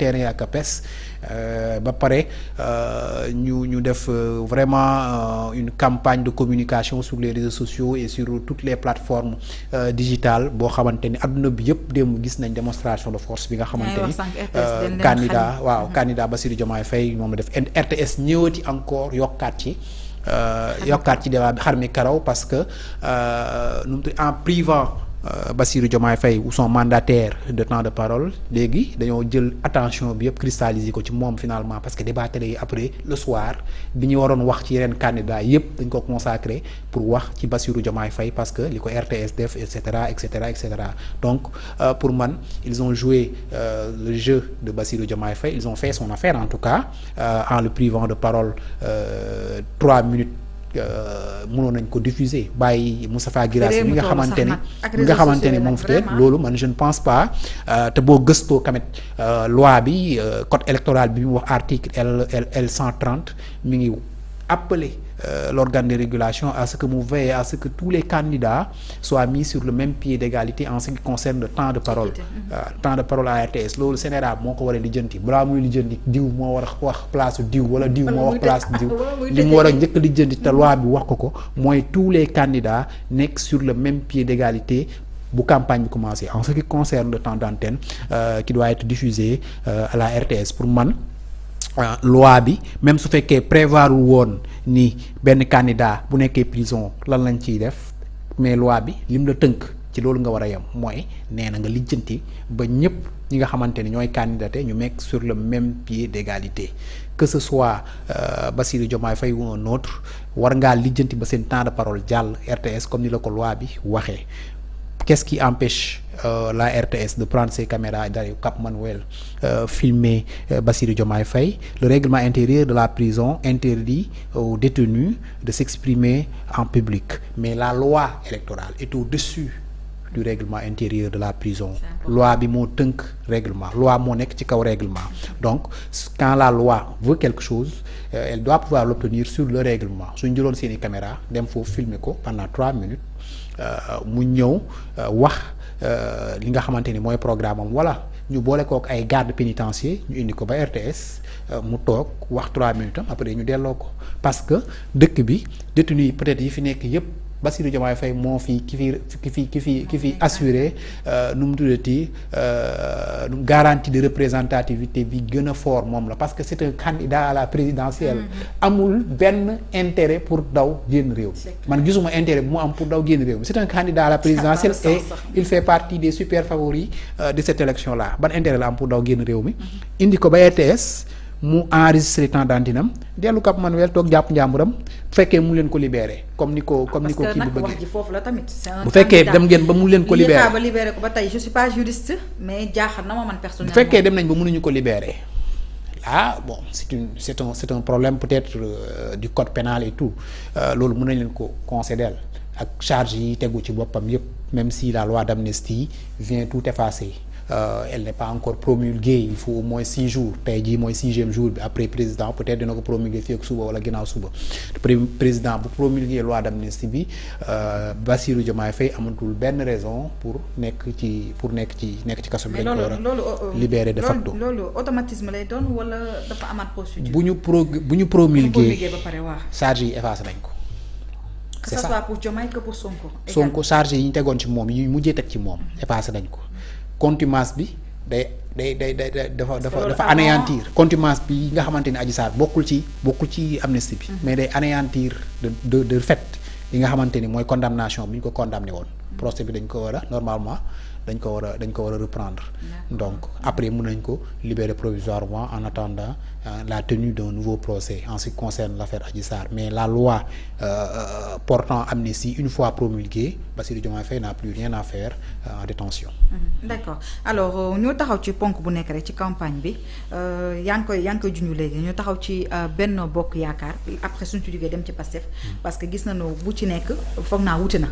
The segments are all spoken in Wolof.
terrain ak APES euh, ba pare euh, ñu ñu def euh, vraiment une campagne de communication sur les réseaux sociaux et sur toutes les plateformes digitales boo xamante ni adduna bi yëpp démb gis nañ démonstration de force bi nga xamante ni candidat waaw candidat Bassirou Diomaye Faye moom la def RTS ñëwati encore yokkaat ci yokkaat ci débat bi xar mi karaw parce que nu mu en privant Euh, Bassirou Diomaye fay ou son mandataire de temps de parole léegi dañoo jël attention bi yëpp cristalliser ko ci moom finalement parce que débat télé yi après le soir bi ñu waroon wax ci yeneen candidats yëpp dañ ko consacré pour wax ci Bassirou Diomaye fay parce que li ko RTS def et cetera et cetera et cetera donc euh, pour man ils ont joué euh, le jeu de Bassirou Diomaye Faye ils ont fait son affaire en tout cas euh, en le privant de parole trois minutes Euh, mënoon nañ ko diffuser bàyyi Moustapha Guirassy mi nga xamante ni mi nga xamante ni moom fi te loolu man je ne pense pas euh, te boo gëstoo tamit euh, loi bi code électoral bi mu wax article L L L cent trente mi ngi appeler euh, l'organe de régulation à que mu veille à ce que tous les candidats soient mis sur le même pied d'égalité en ce qui concerne le temps de parole euh, temps de parole à RTS loolu Sénégal moo ko war a lijjanti balaa muy lijjanti diw moo war a wax place diw wala diw moo wax place diw ah, li mu war a njëkk lijjanti te mm-hmm. loi bi wax ko ko mooy tous les candidats nekk sur le même pied d'égalité bu campagne bi commencé en ce qui concerne le temps d'antenne euh, euh, la RTS pour man Euh, loi bi même su fekkee prévoir woon ni benn candidat bu nekkee prison lan lañ ciy def mais loi bi lim la tënk ci loolu nga war a yem mooy nee na nga lijjanti ba ñëpp ñi nga xamante ni ñooy candidaté ñu nekk sur le même pied d'égalité que ce soit euh, Bassirou Diomaye Faye ou un autre war ngaa lijjanti ba seen temps de parole jàll RTS comme ni la ko loi bi waxee qu'est-ce qui empêche. euh, la RTS de prendre ses caméras d'aller au Cap Manuel euh, basiri euh, Bassirou Diomaye Faye le règlement intérieur de la prison interdit aux détenus de s'exprimer en public mais la loi électorale est au-dessus du règlement intérieur de la prison loi bi moo tënk règlement loi moo nekk ci kaw règlement donc quand la loi veut quelque chose euh, elle doit pouvoir l'obtenir sur le règlement suñ jëloon seeni caméra dem foofu filmer ko pendant trois minutes Euh, mu ñëw euh, wax euh, li nga xamante ni mooy programme am wala ñu boole kook ay garde pénitencier ñu indi ko ba RTS mu toog wax trois minutes am après ñu delloo ko parce que dëkk bi détenu yi peut yi fi nekk yépp Bassirou Diomaye Faye moo fi ki fi ki fi ki fi ki fi assuré euh, nu mu tuddati euh, garantie de représentativité bi gën a foor moom la parce que c'est un candidat à la présidentielle mm-hmm. amul benn intérêt pour daw génn réew man gisuma intérêt bu mu am pour daw génn réew c'est un candidat à la présidentielle et il fait partie des super favoris euh, de cette élection là ban intérêt la am pour daw génn réew mi mm-hmm. indi ko ba RTS e mu enregistré temps d'antenne am dellu Cap Manuel toog jàpp njàmburam bu fekkee mu leen ko libéré comme ni ko comme ni ko kii bu bëggee parce que nag wax ji foofu la tamit. bu fekkee dem leen ko libéré ba libéré tey je suis pas na ma man personnellement. bu fekkee dem nañ ba mënuñu ko libeere ah bon c'est une c'est un c'est un problème peut-être euh, du code pénal et tout euh, loolu mun nañ leen ko concéder ak charge yi tegu ci boppam yëpp même si la loi d'amnistie vient tout yi Euh, elle n'est pas encore promulguée il faut au moins six jours tey jii mooy sixième jour bi après président peut-être dina ko promulguer fii ak suba wala ginnaaw suba président bu promulguer loi d'amnistie bi euh, Bassirou Diomaye Faye amatul benn raison pour nekk ci pour nekk ci nekk ci kaso bi. dañ ko war a euh, libéré de facto loolu automatisme wala dafa amaat procédure. bu ñu pro bu ñu promulguer charge yi effacé nañ ko. c'est ça que ça soit pour Diomaye que pour Sonko. Sonko charge yi ñu tegoon ci moom yi mujjee teg ci moom effacé nañ ko. contumace bi day day day day dafa dafa dafa anéantir contumace bi nga xamante ni Adji bokkul ci bokkul ci amnistie bi mhm. mais day anéantir de de de fet yi nga xamante ni mooy condamnation bi ñu ko condamné woon mhm. procès bi dañ ko war a normalement dañ ko war a dañ ko war a reprendre donc après mun nañ ko libérer provisoirement en attendant euh, la tenue d'un nouveau procès en ce concerne l'affaire Adji Sarr mais la loi euh, euh, portant amnistie une fois promulguée Bassirou Diomaye Faye n'a plus rien à faire euh, détention mmh. d'accord alors ñoo taxaw ci ponk bu nekk rek ci campagne bi yaa ngi koy yaa ngi koy junj léegi ñoo taxaw ci Benno Bokk Yaakaar après suñu ci jógee dem ci Pastef mmh. parce que gis nañu bu ci nekk foog naa wute mmh.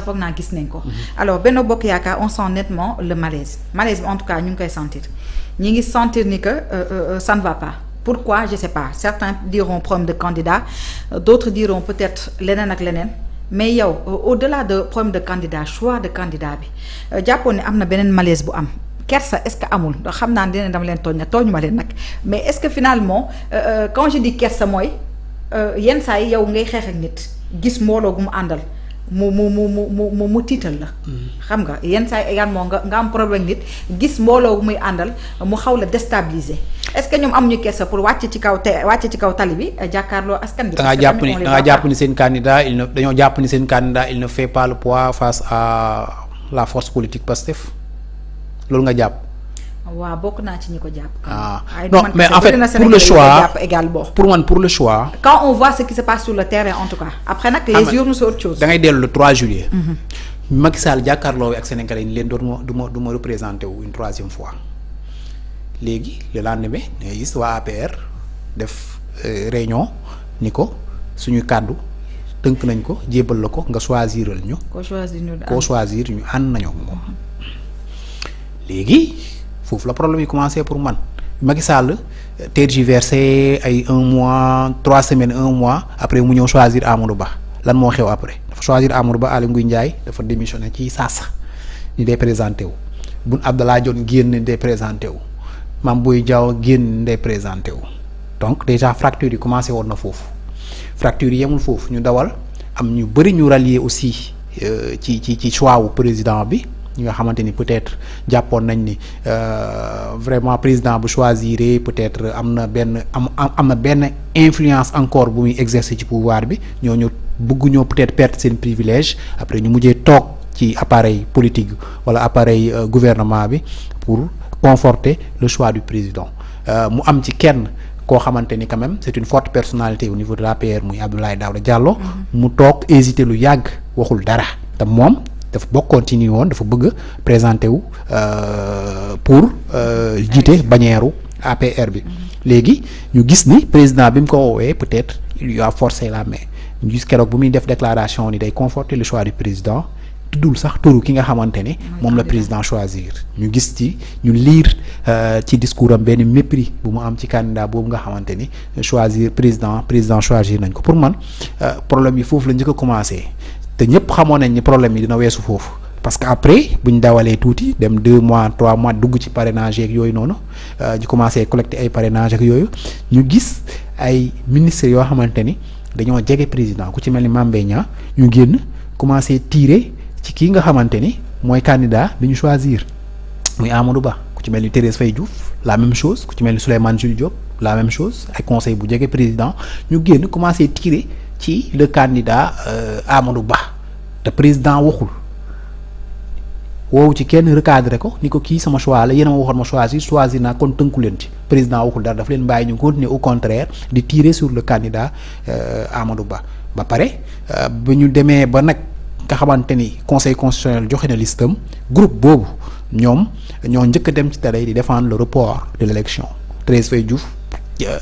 sax foog naa gis nañ ko. alors benn Bokk Yaakaar on sent nettement le malaise malaise bi en tout cas ñu ngi koy sentir ñu ngi sentir ni que euh, euh, euh, ça ne va pas. pourquoi je sais pas certains diront problème de candidat d'autres diront peut-être leneen ak leneen mais yow au-delà de problème de candidat choix de candidat bi jàppoon ne am na beneen malaise bu am. kersa est-ce que amul ndax xam naa ne dina dama leen tooñ na tooñu ma leen nag mais est-ce que finalement quand je dis kersa mooy yenn saa yow ngay xeex ak nit gis mbooloo mu àndal. mu mu mu mu mu mu mu tiital la. Mm. xam nga yenn saa yi également nga nga am problème nit gis mbooloo bu muy àndal mu xaw la déstabiliser est-ce que ñoom amuñu keesa pour wàcc ci kaw te wàcc ci kaw tali bi jàkkaarloo askan bi. da ngaa jàpp ni da jàpp ni seen candidat il ne dañoo jàpp ni seen candidat il ne fait pas le poids face à la force politique Pastef loolu nga jàpp. waaw bokk naa ci ñi ko jàpp. ah mais en fait pour le choix pour man pour le choix. quand on voit ce qui se passe sur le terrain en tout cas. après nag les ah, dellu le 3 juillet. Mhm. Macky Sall jàkkaarloo ak Sénégalais yi leen doon ma du ma une troisième fois léegi le lendemain ngay gis waa APR def euh, réunion ni ko suñu kàddu tënk nañ ko jébal la ko nga choisiral ñu. koo choisir ñu ah. choisir ñu ànd nañoo moom léegi. foofu la problème yi commencé pour man Macky Sall tergiversé ay un mois trois semaine un mois après mu ñëw choisir Amadou Ba lan moo xew après dafa choisir Amadou Ba Aly Ngouille Ndiaye dafa démissionné ci saasa ñu dee présenté wu Boun Abdallah Dionne génn dee présenté wu buy Boye Diao génn dee présenté wu donc déjà fracture yi commencé woon na foofu fracture yi yemul foofu ñu dawal am ñu bëri ñu rallier aussi euh, ci ci ci choix wu président bi ñi nga xamante ni peut-être jàppoon nañ ni euh, vraiment président bu choisir peut-être am na benn am am na benn influence encore bu muy exercer ci pouvoir bi ñoo ñu bëgguñoo peut-être perte seen privilège après ñu mujjee toog ci appareil politique wala appareil euh, gouvernement bi pour conforter le choix du président euh, mu am ci kenn koo xamante ni quand même c'est une forte personnalité au niveau de l'APR muy Abdoulaye Daouda Diallo mm-hmm. mu toog hésiter lu yàgg waxul dara dafa bokkoon ci woon dafa bëgg présenter wu euh, pour euh, jiite bannière APR bi léegi ñu gis ni président bi mu ko woowee peut-être il a forcé la mais ñu gis keroog bu muy def déclaration ni day conforter le choix du président tuddul sax turu ki nga xamante ne moom la président choisir ñu gis ci ñu lire euh, ci discours am benn mépris bu mu am ci candidat boobu nga xamante ni choisir président président choisir nañ ko pour man problème yi foofu la njëkk a commencé te ñëpp xamoon nañ ni problème yi dina weesu foofu parce que après bu ñu dawalee tuuti dem deux mois trois mois dugg ci parrainage yeeg yooyu noonu ñu euh, commencé collecter ay parrainage yooyu ñu gis ay ministres yoo xamante ni dañoo jege président ku ci mel ni Mame Mbaye ñu génn commencé tiire ci kii nga xamante ni mooy candidat bi ñu choisir muy Amadou Ba ku ci mel ni Thérèse fay Diouf la même chose ku ci mel ni Souleymane Jules Diop la même chose ay conseil bu jege président ñu génn commencé tirer. ci le candidat euh, Amadou Ba te président waxul woowu ci kenn recadré ko ni ko kii sama choix la yéen ma waxoon ma choisir choisir naa kon tënku leen ci président waxul dara daf leen bàyyi ñu continuer au contraire di tirer sur le candidat euh, Amadou Ba ba pare euh, bu ñu demee ba nag nga xamante ni conseil constitutionnel joxe na listam group boobu ñoom ñoo njëkk dem ci télé di defendre le report de l' élection Thérèse Faye Diouf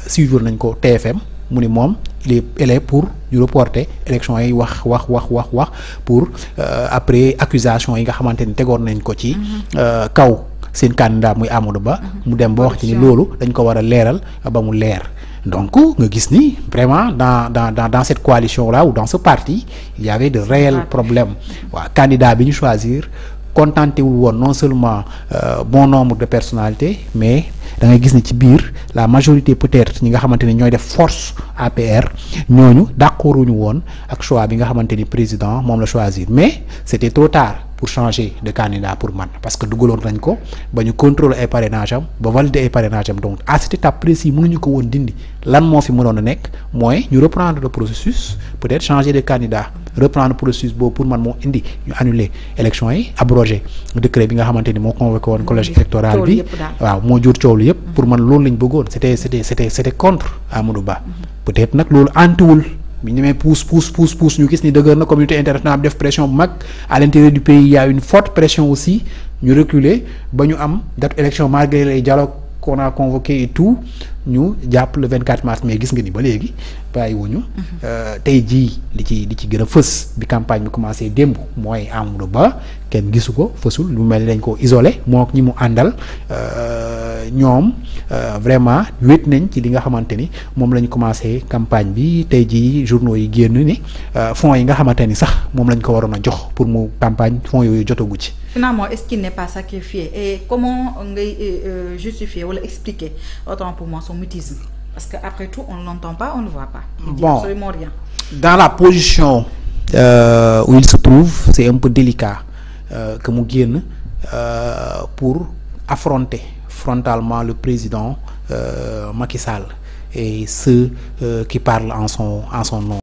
suivre nañ ko TFM. mu ni moom il est pour ñu reporter élection yi wax wax wax wax wax pour euh, après accusation yi nga xamante ni tegoon nañ ko ci mhm. euh, kaw seen candidat muy Amadou Ba mhm. mu dem ba wax ci ni loolu dañ ko war a leeral ba mu leer donc nga gis ni vraiment dans dans dans dans cette coalition là ou dans ce parti il y avait de réels problèmes waaw candidat bi ñu choisir contenté wul woon non seulement euh, bon nombre de personnalités mais da ngay gis ni ci biir la majorité peut-être ñi nga xamante ne ñooy def force APR ñooñu d'accorduñu woon ak choix bi nga xamante ni président moom la choisir mais c'était trop tard pour changer de candidat pour man parce que dugaloon nañ ko ba ñu contrôler ay parrainage am ba valider ay parrainage am donc à cette étape précise mënuñu ko woon dindi lan moo fi mënoon a nekk mooy ñu reprendre le processus peut-être changer de candidat reprendre processus boobu pour man moo indi ñu annuler élection yi abrogé décret bi nga xamante ni moo convoqué woon collège mm-hmm. électoral bi waaw moo jur coow lu yëpp mm-hmm. pour man loolu lañ bëggoon c'était c'était c'était c'était contre Amadou Ba mm-hmm. peut-être nag loolu antuwul bi ñu demee pousse pousse pousse ñu gis ni dëgër na communauté internationale def pression bu mag à l'intérieur du pays il une forte pression aussi ñu reculer ba ñu am date élection malgré qu'on a convoqué et tout ñu jàpp le 24 mars mais gis nga ni ba léegi bàyyi wuñu euh, tey jii li ci li a fës bi campagne bi commencé démb mooy Amadou Ba kenn gisu ko fësul lu mel ni dañ ko isolé moo ak mu àndal euh, ñoom euh, vraiment wéet nañ ci li nga xamante ni moom lañ commencé campagne bi tey jii journaux yi génn ni euh, fonds yi nga xamante ni sax moom lañ ko waroon a jox pour mu campagne fonds yooyu jotagu ci. finalement est-ce qu'il n'est pas sacrifié et comment ngay euh, justifier wala expliquer autant pour que après tout on l'entend pas on ne voit pas. on dit absolument dans la position. se trouve c'est un mu génn euh, pour affronter frontalement le président euh, Macky Sall et ceux euh, qui parlent en son en son nom